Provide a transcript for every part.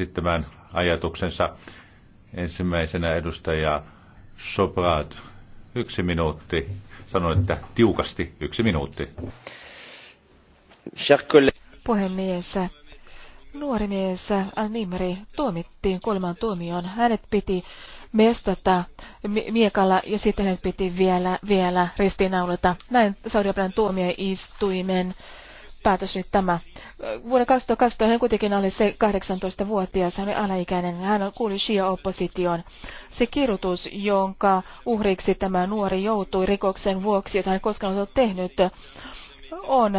esittämään ajatuksensa. Ensimmäisenä edustaja Sobrat, yksi minuutti. Sanoin, että tiukasti yksi minuutti. Puhemies, nuori mies Nimri tuomittiin kolman tuomioon. Hänet piti mestata miekalla ja sitten hänet piti vielä, vielä ristiinnaulata. Näin Saudi-Arabian tuomioistuimen päätös nyt tämä. Vuonna 2012 hän kuitenkin oli se 18-vuotias, hän oli alaikäinen, hän kuuli Shia-opposition. Se kirjoitus, jonka uhriksi tämä nuori joutui rikoksen vuoksi, jota hän koskaan ollut tehnyt, on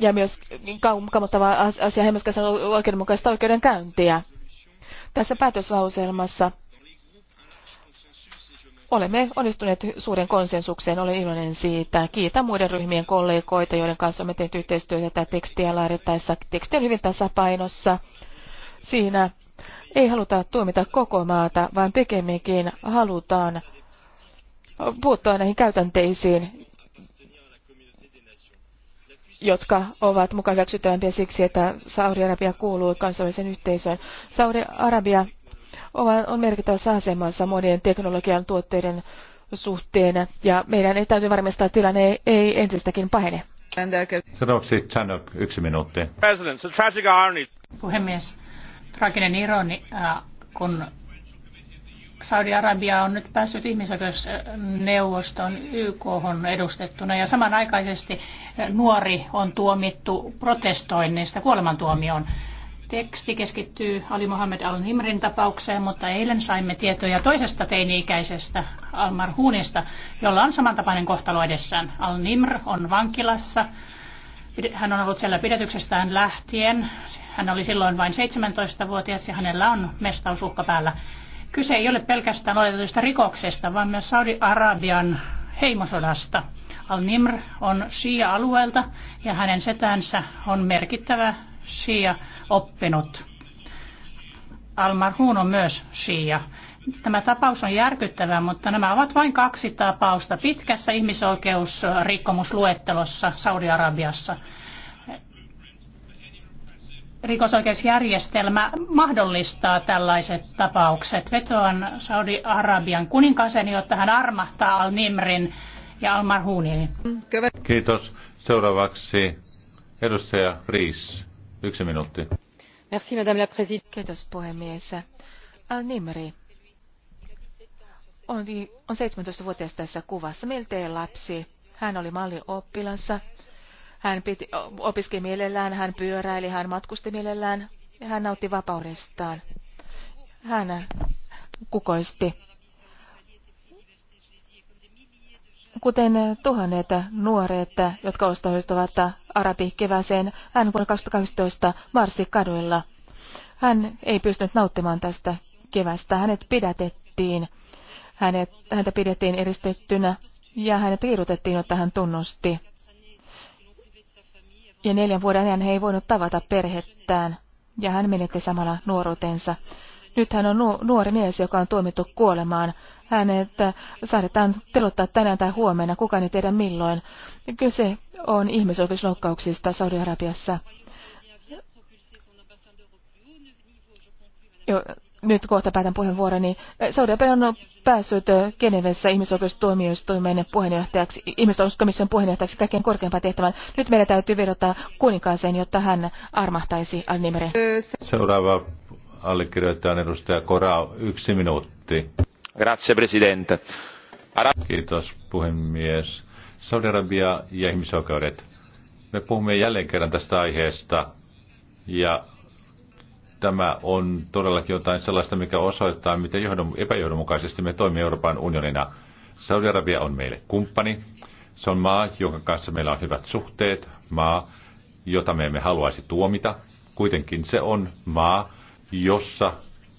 ja myös niin kammottava asia, hän myöskään sanoo oikeudenmukaista oikeudenkäyntiä. Tässä päätöslauselmassa Olemme onnistuneet suuren konsensukseen, olen iloinen siitä. Kiitän muiden ryhmien kollegoita, joiden kanssa olemme tehneet yhteistyötä tätä tekstiä laadittaessa. Teksti on hyvin tasapainossa. Siinä ei haluta tuomita koko maata, vaan pikemminkin halutaan puuttua näihin käytänteisiin, jotka ovat mukaan hyväksyttyämpiä siksi, että Saudi-Arabia kuuluu kansainväliseen yhteisöön. Saudi-Arabia on merkittävässä asemassa monien teknologian tuotteiden suhteen ja meidän ei täytyy varmistaa, että tilanne ei entistäkin pahene. Seuraavaksi Chanok, yksi minuutti. Puhemies, traaginen ironi, äh, kun Saudi-Arabia on nyt päässyt ihmisoikeusneuvoston YK on edustettuna ja samanaikaisesti äh, nuori on tuomittu protestoinnista kuolemantuomioon. Teksti keskittyy Ali Mohamed Al-Nimrin tapaukseen, mutta eilen saimme tietoja toisesta teini-ikäisestä Almar Huunista, jolla on samantapainen kohtalo edessään. Al-Nimr on vankilassa. Hän on ollut siellä pidätyksestään lähtien. Hän oli silloin vain 17-vuotias ja hänellä on mestausuhka päällä. Kyse ei ole pelkästään oletetusta rikoksesta, vaan myös Saudi-Arabian heimosodasta. Al-Nimr on Shia-alueelta ja hänen setänsä on merkittävä shia oppinut. Almarhun on myös shia. Tämä tapaus on järkyttävä, mutta nämä ovat vain kaksi tapausta pitkässä ihmisoikeusrikkomusluettelossa Saudi-Arabiassa. Rikosoikeusjärjestelmä mahdollistaa tällaiset tapaukset. Vetoan Saudi-Arabian kuninkaaseen, jotta hän armahtaa Al-Nimrin ja Al-Marhunin. Kiitos. Seuraavaksi edustaja Riis. Yksi minuutti. Merci, madame la présidente. Kiitos puhemies. Nimri on, on 17-vuotias tässä kuvassa, miltei lapsi. Hän oli malli mallioppilansa. Hän piti, opiskeli mielellään, hän pyöräili, hän matkusti mielellään, hän nautti vapaudestaan. Hän kukoisti. Kuten tuhannet nuoret, jotka ostavat arabi kevääseen. Hän vuonna 2012 marssi kaduilla. Hän ei pystynyt nauttimaan tästä kevästä. Hänet pidätettiin. Hänet, häntä pidettiin eristettynä ja hänet kiirutettiin, jotta hän tunnusti. Ja neljän vuoden ajan he ei voinut tavata perhettään ja hän menetti samalla nuoruutensa. Nyt hän on nuori mies, joka on tuomittu kuolemaan että saadetaan pelottaa tänään tai huomenna, kukaan ei tiedä milloin. Kyse on ihmisoikeusloukkauksista Saudi-Arabiassa. Nyt kohta päätän puheenvuoroni. Saudi-Arabia on päässyt Genevessä ihmisoikeustuomioistuimen puheenjohtajaksi, ihmisoikeuskomission puheenjohtajaksi kaikkein korkeimpaan tehtävän. Nyt meidän täytyy vedota kuninkaaseen, jotta hän armahtaisi Al-Nimeren. Seuraava allekirjoittajan edustaja Kora, yksi minuutti. Kiitos puhemies. Saudi-Arabia ja ihmisoikeudet. Me puhumme jälleen kerran tästä aiheesta ja tämä on todellakin jotain sellaista, mikä osoittaa, miten johdon, epäjohdonmukaisesti me toimimme Euroopan unionina. Saudi-Arabia on meille kumppani. Se on maa, jonka kanssa meillä on hyvät suhteet, maa, jota me emme haluaisi tuomita. Kuitenkin se on maa, jossa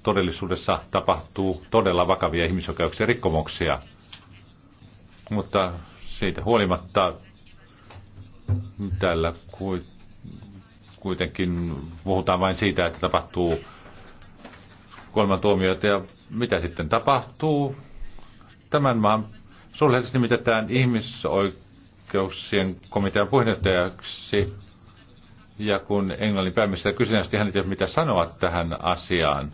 todellisuudessa tapahtuu todella vakavia ihmisoikeuksien rikkomuksia. Mutta siitä huolimatta täällä kuitenkin puhutaan vain siitä, että tapahtuu kolman tuomioita ja mitä sitten tapahtuu. Tämän maan suhteellisesti nimitetään ihmisoikeuksien komitean puheenjohtajaksi ja kun Englannin pääministeri kysyi, hän ei tiedä, mitä sanoa tähän asiaan.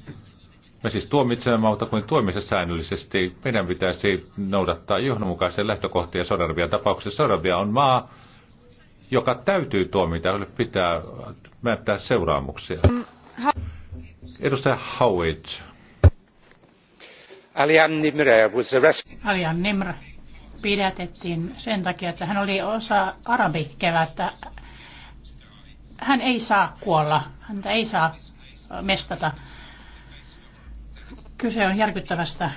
Me siis tuomitsemme mutta kuin tuomissa säännöllisesti. Meidän pitäisi noudattaa johdonmukaisen lähtökohtia Sodarabian tapauksessa. Sodarbia on maa, joka täytyy tuomita, jolle pitää määrittää seuraamuksia. Edustaja Howard. Alian Nimre, was arrested. Alian Nimre pidätettiin sen takia, että hän oli osa arabikevättä. Hän ei saa kuolla, häntä ei saa mestata. Kyse on järkyttävästä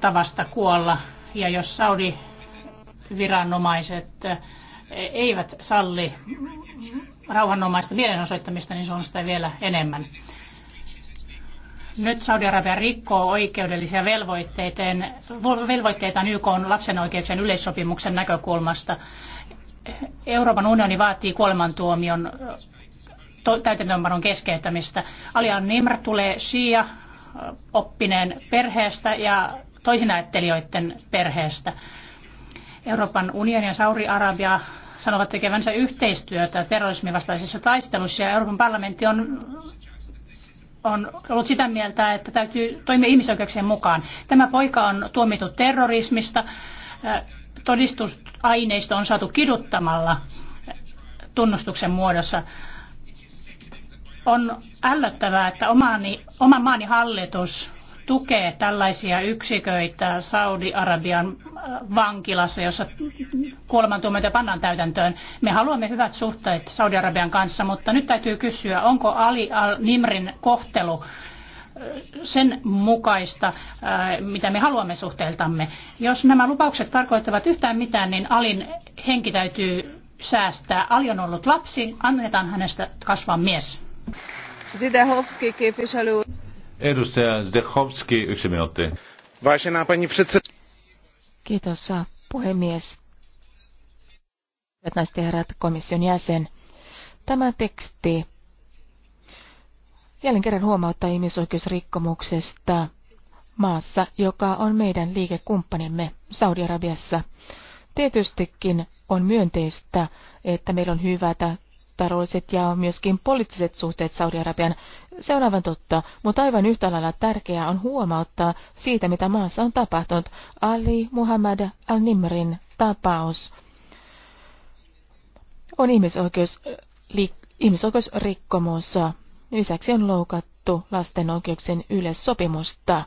tavasta kuolla. Ja jos Saudi-viranomaiset eh, eivät salli rauhanomaista mielenosoittamista, niin se on sitä vielä enemmän. Nyt Saudi-Arabia rikkoo oikeudellisia velvoitteitaan, velvoitteitaan YK on lapsen oikeuksien yleissopimuksen näkökulmasta. Euroopan unioni vaatii kuolemantuomion eh, täytäntöönpanon keskeyttämistä. Alian Nimr tulee Shia oppineen perheestä ja toisinäyttelijöiden perheestä. Euroopan unioni ja Sauri-Arabia sanovat tekevänsä yhteistyötä terrorismin taistelussa ja Euroopan parlamentti on, on ollut sitä mieltä, että täytyy toimia ihmisoikeuksien mukaan. Tämä poika on tuomittu terrorismista, todistusaineisto on saatu kiduttamalla tunnustuksen muodossa. On ällöttävää, että omani, oman maani hallitus tukee tällaisia yksiköitä Saudi-Arabian äh, vankilassa, jossa kuolemantuomioita pannaan täytäntöön. Me haluamme hyvät suhteet Saudi-Arabian kanssa, mutta nyt täytyy kysyä, onko Ali al-Nimrin kohtelu äh, sen mukaista, äh, mitä me haluamme suhteeltamme. Jos nämä lupaukset tarkoittavat yhtään mitään, niin Alin henki täytyy säästää. Ali on ollut lapsi, annetaan hänestä kasvaa mies. Zidehovski, Edustaja Zdehovski, yksi minuutti. Kiitos, puhemies. Hyvät naiset ja herrat, komission jäsen. Tämä teksti jälleen kerran huomauttaa ihmisoikeusrikkomuksesta maassa, joka on meidän liikekumppanimme Saudi-Arabiassa. Tietystikin on myönteistä, että meillä on hyvät taloudelliset ja myöskin poliittiset suhteet Saudi-Arabian. Se on aivan totta, mutta aivan yhtä lailla tärkeää on huomauttaa siitä, mitä maassa on tapahtunut. Ali Muhammad al-Nimrin tapaus on ihmisoikeus, li, ihmisoikeusrikkomus. Lisäksi on loukattu lasten oikeuksien yleissopimusta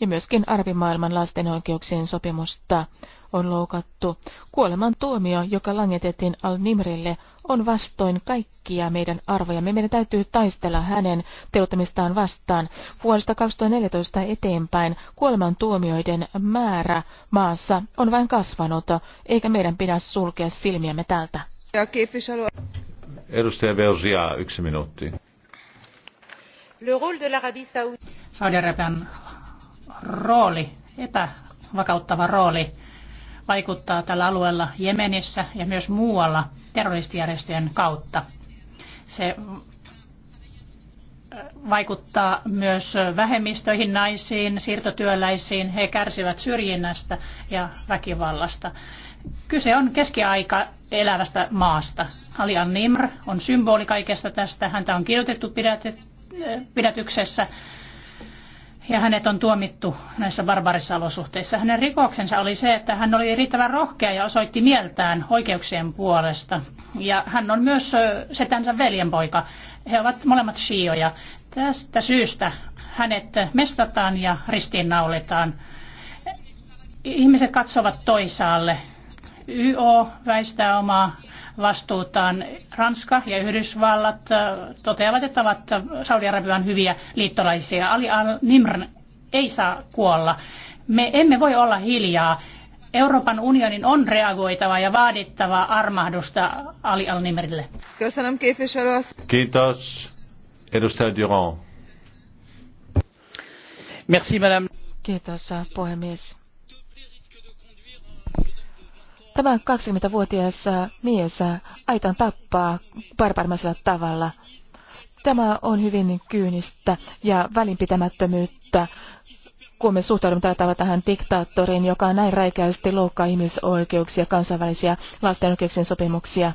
ja myöskin arvimaailman lasten oikeuksien sopimusta on loukattu. Kuoleman tuomio, joka langetettiin Al-Nimrille, on vastoin kaikkia meidän arvojamme. Meidän täytyy taistella hänen teuttamistaan vastaan. Vuodesta 2014 eteenpäin kuoleman tuomioiden määrä maassa on vain kasvanut, eikä meidän pidä sulkea silmiämme tältä. Edustaja Veosia, yksi minuutti. Saudi-Arabian rooli, epävakauttava rooli vaikuttaa tällä alueella Jemenissä ja myös muualla terroristijärjestöjen kautta. Se äh, vaikuttaa myös vähemmistöihin, naisiin, siirtotyöläisiin. He kärsivät syrjinnästä ja väkivallasta. Kyse on keskiaika elävästä maasta. Ali nimr on symboli kaikesta tästä. Häntä on kirjoitettu pidätet, äh, pidätyksessä ja hänet on tuomittu näissä barbarissa olosuhteissa. Hänen rikoksensa oli se, että hän oli riittävän rohkea ja osoitti mieltään oikeuksien puolesta. Ja hän on myös setänsä veljenpoika. He ovat molemmat shioja. Tästä syystä hänet mestataan ja ristiinnaulitaan. Ihmiset katsovat toisaalle. YO väistää omaa vastuutaan. Ranska ja Yhdysvallat äh, toteavat, että ovat Saudi-Arabian hyviä liittolaisia. Ali al-Nimr ei saa kuolla. Me emme voi olla hiljaa. Euroopan unionin on reagoitava ja vaadittava armahdusta Ali al-Nimrille. Kiitos. Edustaja Durand. Merci, madame. Kiitos, äh, puhemies. Tämä 20-vuotias äh, mies äh, aitan tappaa barbarmaisella tavalla. Tämä on hyvin kyynistä ja välinpitämättömyyttä, kun me suhtaudumme tällä tavalla tähän diktaattoriin, joka näin räikäisesti loukkaa ihmisoikeuksia, kansainvälisiä lasten oikeuksien sopimuksia.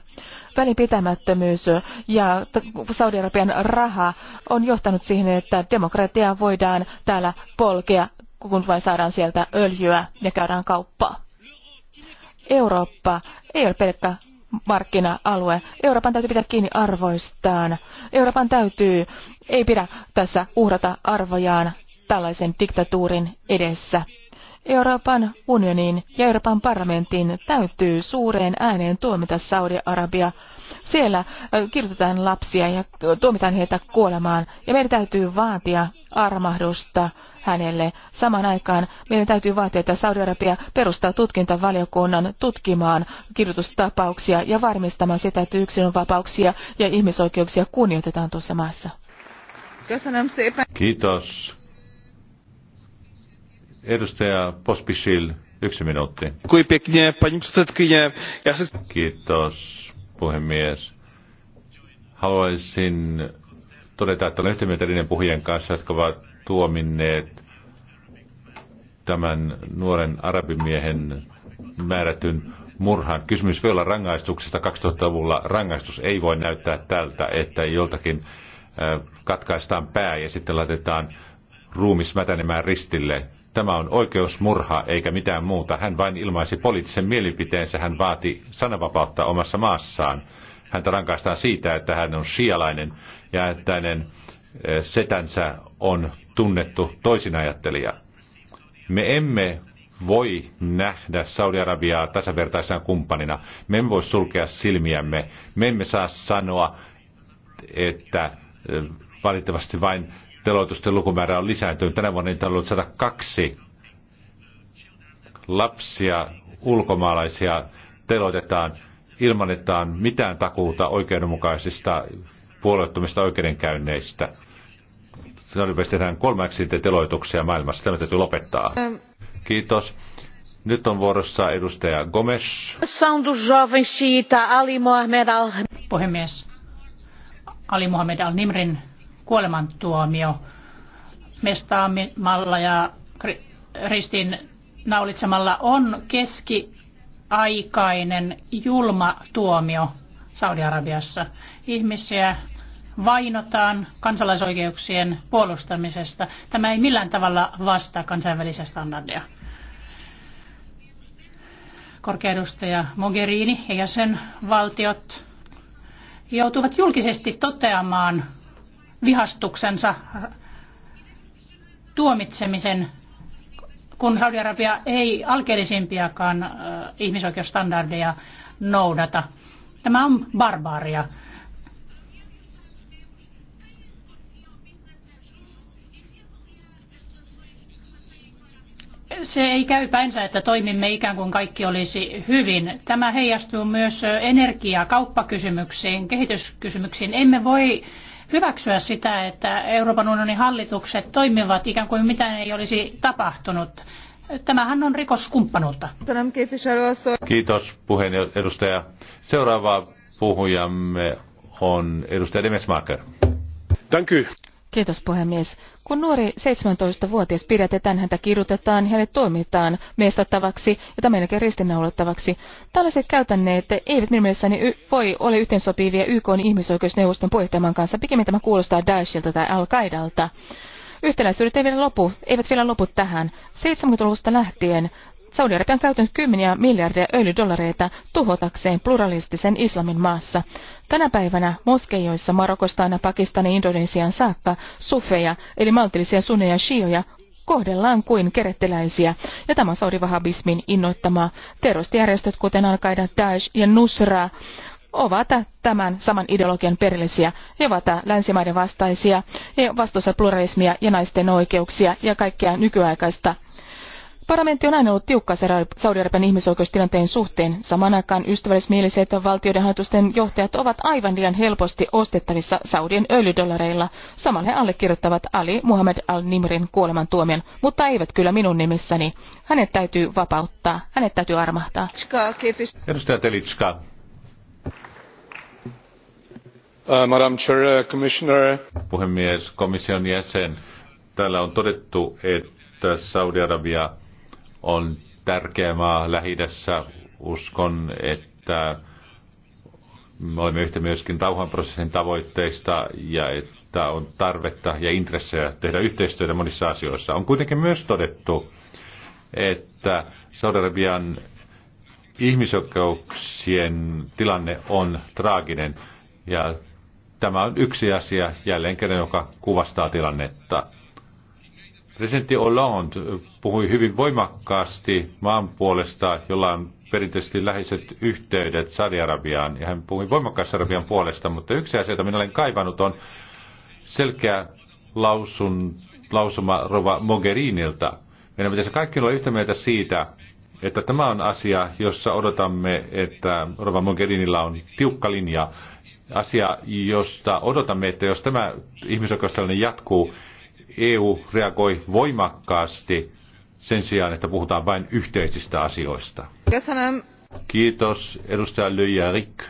Välinpitämättömyys ja Saudi-Arabian raha on johtanut siihen, että demokratiaa voidaan täällä polkea, kun vain saadaan sieltä öljyä ja käydään kauppaa. Eurooppa ei ole pelkkä markkina-alue. Euroopan täytyy pitää kiinni arvoistaan. Euroopan täytyy, ei pidä tässä uhrata arvojaan tällaisen diktatuurin edessä. Euroopan unionin ja Euroopan parlamentin täytyy suureen ääneen tuomita Saudi-Arabia. Siellä kirjoitetaan lapsia ja tuomitaan heitä kuolemaan ja meidän täytyy vaatia armahdusta hänelle. Samaan aikaan meidän täytyy vaatia, että Saudi-Arabia perustaa tutkintavaliokunnan tutkimaan kirjoitustapauksia ja varmistamaan sitä, että yksilönvapauksia ja ihmisoikeuksia kunnioitetaan tuossa maassa. Kiitos. Edustaja Pospisil, yksi minuutti. Kiitos, puhemies. Haluaisin todeta, että olen yhtä mieltä niiden puhujien kanssa, jotka ovat tuominneet tämän nuoren arabimiehen määrätyn murhan. Kysymys voi olla rangaistuksesta 2000-luvulla. Rangaistus ei voi näyttää tältä, että joltakin äh, katkaistaan pää ja sitten laitetaan ruumis mätänemään ristille. Tämä on oikeusmurha eikä mitään muuta. Hän vain ilmaisi poliittisen mielipiteensä, hän vaati sananvapautta omassa maassaan. Häntä rankaistaan siitä, että hän on sialainen ja että hänen eh, setänsä on tunnettu toisinajattelija. Me emme voi nähdä Saudi-Arabiaa tasavertaisena kumppanina. Me emme voi sulkea silmiämme. Me emme saa sanoa, että eh, valitettavasti vain teloitusten lukumäärä on lisääntynyt. Tänä vuonna niitä on ollut 102 lapsia, ulkomaalaisia teloitetaan ilman, että on mitään takuuta oikeudenmukaisista puolueettomista oikeudenkäynneistä. Norjassa tehdään kolmeksi teloituksia maailmassa. Tämä täytyy lopettaa. Ähm. Kiitos. Nyt on vuorossa edustaja Gomes. Puhemies. Ali Mohamed Al-Nimrin kuolemantuomio mestaamalla ja ristin naulitsemalla on keskiaikainen julma tuomio Saudi-Arabiassa. Ihmisiä vainotaan kansalaisoikeuksien puolustamisesta. Tämä ei millään tavalla vastaa kansainvälisiä standardeja. Korkeaedustaja Mogherini ja jäsenvaltiot joutuvat julkisesti toteamaan vihastuksensa tuomitsemisen, kun Saudi-Arabia ei alkeellisimpiakaan ihmisoikeusstandardeja noudata. Tämä on barbaaria. se ei käy päinsä, että toimimme ikään kuin kaikki olisi hyvin. Tämä heijastuu myös energia- ja kauppakysymyksiin, kehityskysymyksiin. Emme voi hyväksyä sitä, että Euroopan unionin hallitukset toimivat ikään kuin mitään ei olisi tapahtunut. Tämähän on rikoskumppanuutta. Kiitos puheenjohtaja. Edustaja. Seuraava puhujamme on edustaja Demesmaker. Thank you. Kiitos puhemies. Kun nuori 17-vuotias pidätetään, häntä kirjoitetaan, hänet toimitaan mestattavaksi ja melkein ristinnaulottavaksi. Tällaiset käytänneet eivät minun mielestäni voi olla yhteensopivia YK ihmisoikeusneuvoston puheenjohtajan kanssa. Pikemmin tämä kuulostaa Daeshilta tai Al-Qaidalta. Yhtenäisyydet eivät vielä lopu, eivät vielä lopu tähän. 70-luvusta lähtien Saudi-Arabia on käytänyt kymmeniä miljardeja öljydollareita tuhotakseen pluralistisen islamin maassa. Tänä päivänä moskeijoissa Marokosta aina Pakistanin Indonesian saakka sufeja, eli maltillisia sunneja shioja, kohdellaan kuin keretteläisiä, ja tämä saudivahabismin innoittama terroristijärjestöt, kuten al Daesh ja Nusra, ovat tämän saman ideologian perillisiä. He ovat länsimaiden vastaisia, he vastuussa pluralismia ja naisten oikeuksia ja kaikkea nykyaikaista Parlamentti on aina ollut tiukka Saudi-Arabian ihmisoikeustilanteen suhteen. Samaan aikaan ystävällismieliset valtioiden hallitusten johtajat ovat aivan liian helposti ostettavissa Saudien öljydollareilla. Samalla he allekirjoittavat Ali Muhammad al-Nimrin kuolemantuomion, mutta eivät kyllä minun nimissäni. Hänet täytyy vapauttaa, hänet täytyy armahtaa. Edustaja Telitska. Uh, uh, Puhemies, komission jäsen. Täällä on todettu, että Saudi-Arabia on tärkeä maa lähi Uskon, että me olemme yhtä myöskin rauhanprosessin tavoitteista ja että on tarvetta ja intressejä tehdä yhteistyötä monissa asioissa. On kuitenkin myös todettu, että Saudarabian ihmisoikeuksien tilanne on traaginen ja tämä on yksi asia jälleen kerran, joka kuvastaa tilannetta. Presidentti Hollande puhui hyvin voimakkaasti maan puolesta, jolla on perinteisesti läheiset yhteydet Saudi-Arabiaan, ja hän puhui voimakkaasti Arabian puolesta, mutta yksi asia, jota minä olen kaivannut, on selkeä lausun, lausuma Rova Mogherinilta. Meidän pitäisi kaikki olla yhtä mieltä siitä, että tämä on asia, jossa odotamme, että Rova Mogherinilla on tiukka linja. Asia, josta odotamme, että jos tämä ihmisoikeustilanne jatkuu, EU reagoi voimakkaasti sen sijaan, että puhutaan vain yhteisistä asioista. Kiitos, edustaja Lyjärik.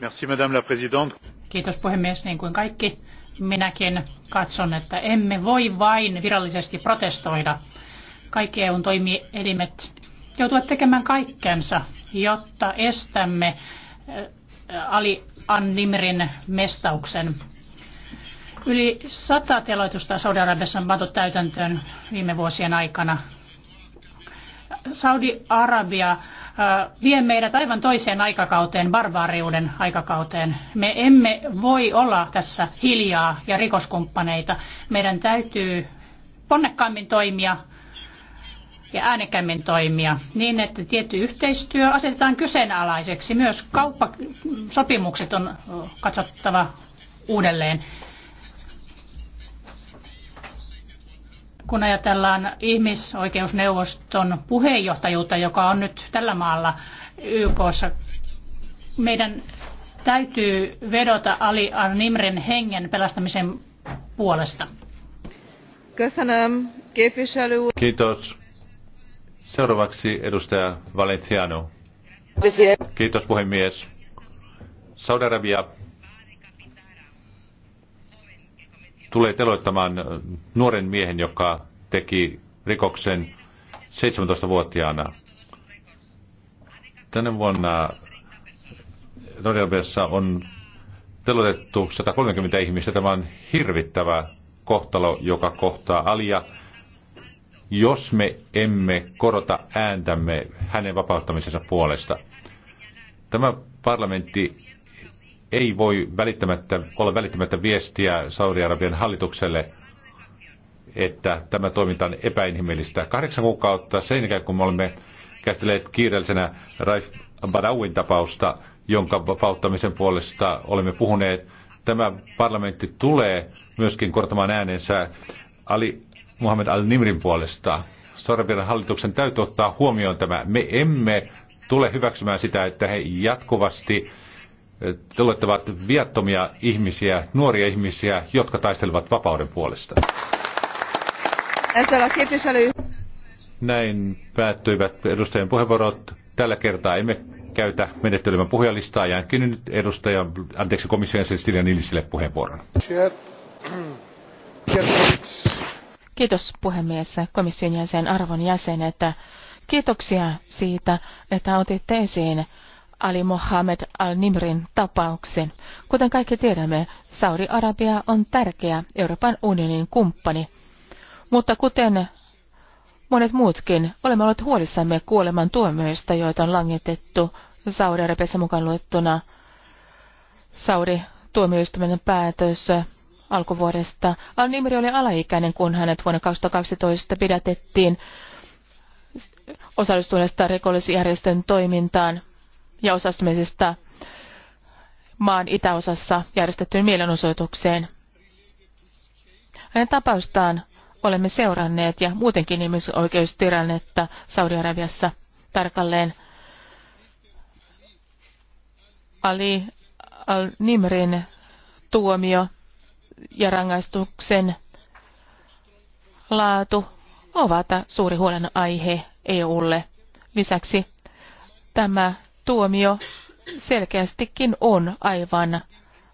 Merci, madame la présidente. Kiitos puhemies, niin kuin kaikki minäkin katson, että emme voi vain virallisesti protestoida. Kaikki EUn toimielimet joutuvat tekemään kaikkensa, jotta estämme Ali Annimrin mestauksen Yli sata teloitusta Saudi-Arabiassa on pantu täytäntöön viime vuosien aikana. Saudi-Arabia äh, vie meidät aivan toiseen aikakauteen, barbaariuden aikakauteen. Me emme voi olla tässä hiljaa ja rikoskumppaneita. Meidän täytyy ponnekkaammin toimia ja äänekämmin toimia niin, että tietty yhteistyö asetetaan kyseenalaiseksi. Myös kauppasopimukset on katsottava uudelleen. kun ajatellaan ihmisoikeusneuvoston puheenjohtajuutta, joka on nyt tällä maalla YKssa, meidän täytyy vedota Ali Arnimren hengen pelastamisen puolesta. Kiitos. Seuraavaksi edustaja Valenciano. Kiitos puhemies. Saudi-Arabia tulee teloittamaan äh, nuoren miehen, joka teki rikoksen 17-vuotiaana. Tänä vuonna Norjavessa on teloitettu 130 ihmistä. Tämä on hirvittävä kohtalo, joka kohtaa Alia. Jos me emme korota ääntämme hänen vapauttamisensa puolesta. Tämä parlamentti ei voi välittämättä, olla välittämättä viestiä Saudi-Arabian hallitukselle, että tämä toiminta on epäinhimillistä. Kahdeksan kuukautta sen jälkeen, kun me olemme käsitelleet kiireellisenä Raif Badawin tapausta, jonka vapauttamisen puolesta olemme puhuneet, tämä parlamentti tulee myöskin kortamaan äänensä Ali Muhammad al-Nimrin puolesta. Sorviran hallituksen täytyy ottaa huomioon tämä. Me emme tule hyväksymään sitä, että he jatkuvasti olette viattomia ihmisiä, nuoria ihmisiä, jotka taistelevat vapauden puolesta. Näin päättyivät edustajien puheenvuorot. Tällä kertaa emme käytä menettelemään puhujalistaa. Jäänkin nyt edustajan, anteeksi komission jäsen Nilisille puheenvuoron. Kiitos puhemies, komission jäsen, arvon jäsen, että kiitoksia siitä, että otitte esiin Ali Mohammed al-Nimrin tapauksen. Kuten kaikki tiedämme, Saudi-Arabia on tärkeä Euroopan unionin kumppani. Mutta kuten monet muutkin, olemme olleet huolissamme kuoleman tuomioista, joita on langitettu Saudi-Arabiassa mukaan luettuna saudi tuomioistuminen päätös alkuvuodesta. Al-Nimri oli alaikäinen, kun hänet vuonna 2012 pidätettiin osallistuneesta rikollisjärjestön toimintaan ja osallistumisesta maan itäosassa järjestettyyn mielenosoitukseen. Hänen tapaustaan olemme seuranneet ja muutenkin ihmisoikeustilannetta Saudi-Arabiassa tarkalleen. Ali al-Nimrin tuomio ja rangaistuksen laatu ovat suuri huolenaihe EUlle. Lisäksi tämä tuomio selkeästikin on aivan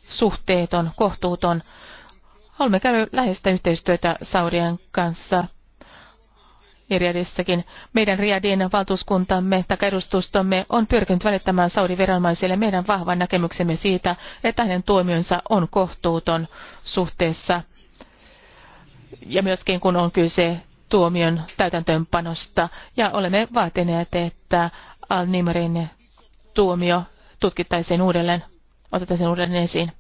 suhteeton, kohtuuton. Haluamme käydä läheistä yhteistyötä Saudien kanssa Riadissakin. Meidän Riadin valtuuskuntamme tai edustustomme on pyrkinyt välittämään Saudi-viranomaisille meidän vahvan näkemyksemme siitä, että hänen tuomionsa on kohtuuton suhteessa. Ja myöskin kun on kyse tuomion täytäntöönpanosta. Ja olemme vaatineet, että Al-Nimrin tuomio tutkittaisiin uudelleen, otettaisiin uudelleen esiin.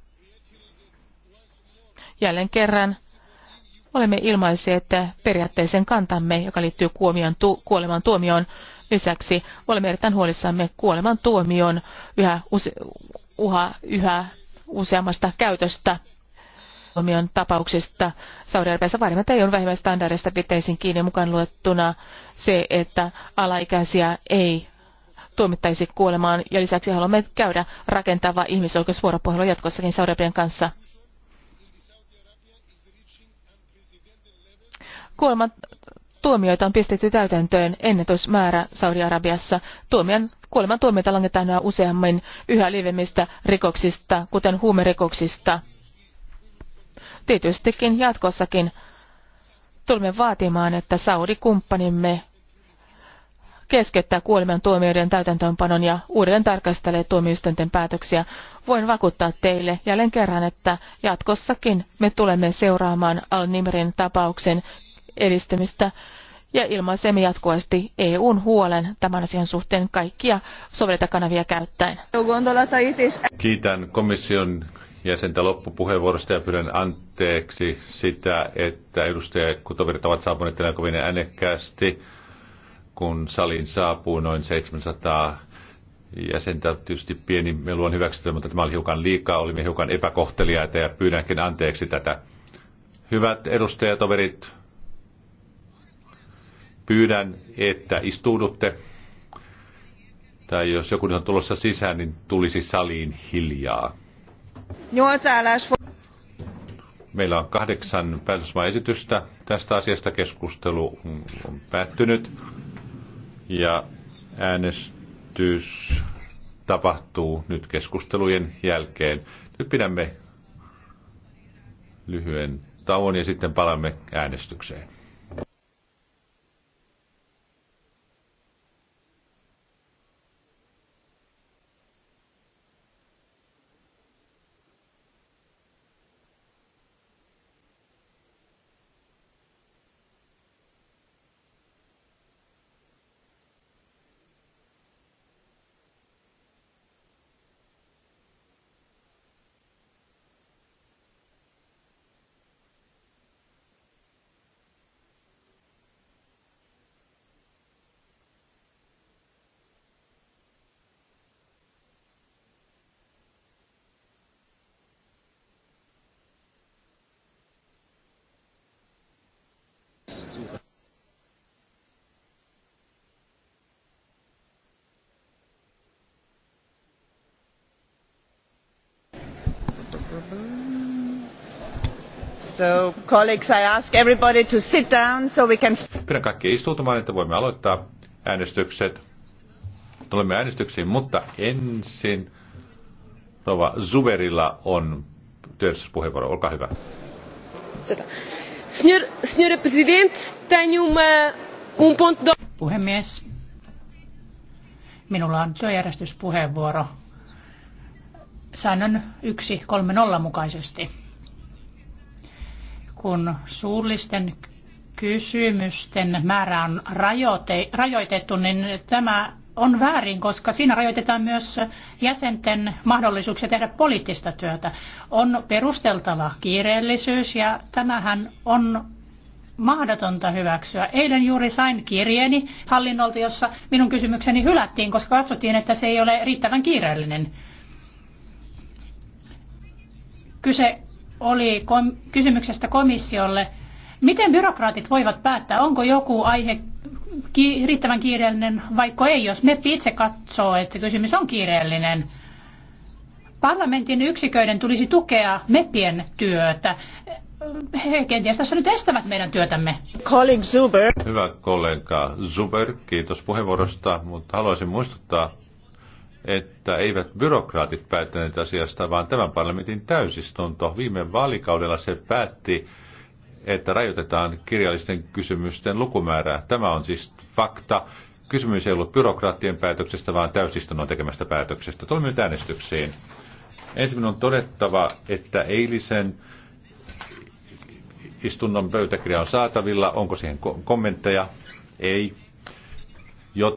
Jälleen kerran olemme että periaatteisen kantamme, joka liittyy kuomion tu- kuoleman tuomioon. Lisäksi olemme erittäin huolissamme kuoleman tuomion yhä, use- uha, yhä useammasta käytöstä tuomion tapauksista. Saudi-Arabiassa varmasti ei ole vähimmäistandardeista pitäisin kiinni mukaan luettuna se, että alaikäisiä ei tuomittaisi kuolemaan ja lisäksi haluamme käydä rakentavaa ihmisoikeusvuoropuhelua jatkossakin Saudi-Arabian kanssa. Kuoleman tuomioita on pistetty täytäntöön ennätysmäärä Saudi-Arabiassa. Tuomion, kuoleman tuomioita langetaan useammin yhä lievemmistä rikoksista, kuten huumerikoksista. Tietystikin jatkossakin tulemme vaatimaan, että Saudi-kumppanimme keskeyttää kuoleman tuomioiden täytäntöönpanon ja uudelleen tarkastelee tuomioistuinten päätöksiä. Voin vakuuttaa teille jälleen kerran, että jatkossakin me tulemme seuraamaan Al-Nimrin tapauksen edistymistä ja ilmaisemme jatkuvasti EUn huolen tämän asian suhteen kaikkia soveltakanavia käyttäen. Kiitän komission jäsentä loppupuheenvuorosta ja pyydän anteeksi sitä, että edustajat kutovirta ovat saapuneet tänään kovin äänekkäästi kun saliin saapuu noin 700 jäsentä. Tietysti pieni melu on hyväksytty, mutta tämä oli hiukan liikaa. Olimme hiukan epäkohteliaita ja pyydänkin anteeksi tätä. Hyvät edustajatoverit, pyydän, että istuudutte. Tai jos joku on tulossa sisään, niin tulisi saliin hiljaa. Meillä on kahdeksan päätösmaa esitystä. Tästä asiasta keskustelu on päättynyt ja äänestys tapahtuu nyt keskustelujen jälkeen. Nyt pidämme lyhyen tauon ja sitten palaamme äänestykseen. Pyydän kaikkia istuutumaan, että voimme aloittaa äänestykset. Tulemme äänestyksiin, mutta ensin Rova Zuberilla on työllisyyspuheenvuoro. Olkaa hyvä. Senhor, senhora Presidente, tenho uma, um ponto de... Puhemies, minulla on työjärjestyspuheenvuoro säännön 1.3.0 mukaisesti kun suullisten kysymysten määrä on rajoite, rajoitettu, niin tämä on väärin, koska siinä rajoitetaan myös jäsenten mahdollisuuksia tehdä poliittista työtä. On perusteltava kiireellisyys ja tämähän on mahdotonta hyväksyä. Eilen juuri sain kirjeeni hallinnolta, jossa minun kysymykseni hylättiin, koska katsottiin, että se ei ole riittävän kiireellinen. Kyse oli kom- kysymyksestä komissiolle. Miten byrokraatit voivat päättää, onko joku aihe ki- riittävän kiireellinen vaikka ei, jos me itse katsoo, että kysymys on kiireellinen? Parlamentin yksiköiden tulisi tukea MEPien työtä. He kenties tässä nyt estävät meidän työtämme. Zuber. Hyvä kollega Zuber, kiitos puheenvuorosta, mutta haluaisin muistuttaa että eivät byrokraatit päättäneet asiasta, vaan tämän parlamentin täysistunto. Viime vaalikaudella se päätti, että rajoitetaan kirjallisten kysymysten lukumäärää. Tämä on siis fakta. Kysymys ei ollut byrokraattien päätöksestä, vaan täysistunnon tekemästä päätöksestä. Tulemme nyt äänestyksiin. Ensimmäinen on todettava, että eilisen istunnon pöytäkirja on saatavilla. Onko siihen kommentteja? Ei.